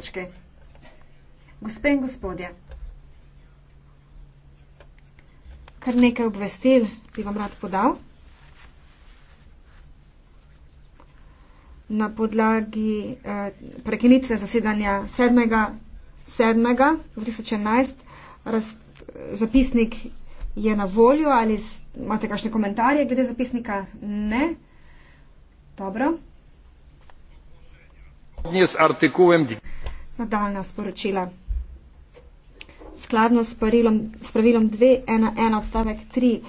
točke. Gospe in gospodje, kar nekaj obvestil bi vam rad podal. Na podlagi eh, prekinitve zasedanja 7. 7. 2011 raz, zapisnik je na voljo ali imate kakšne komentarje glede zapisnika? Ne. Dobro. Dnes artikujem nadaljna sporočila. Skladno s pravilom 2.1.1 odstavek 3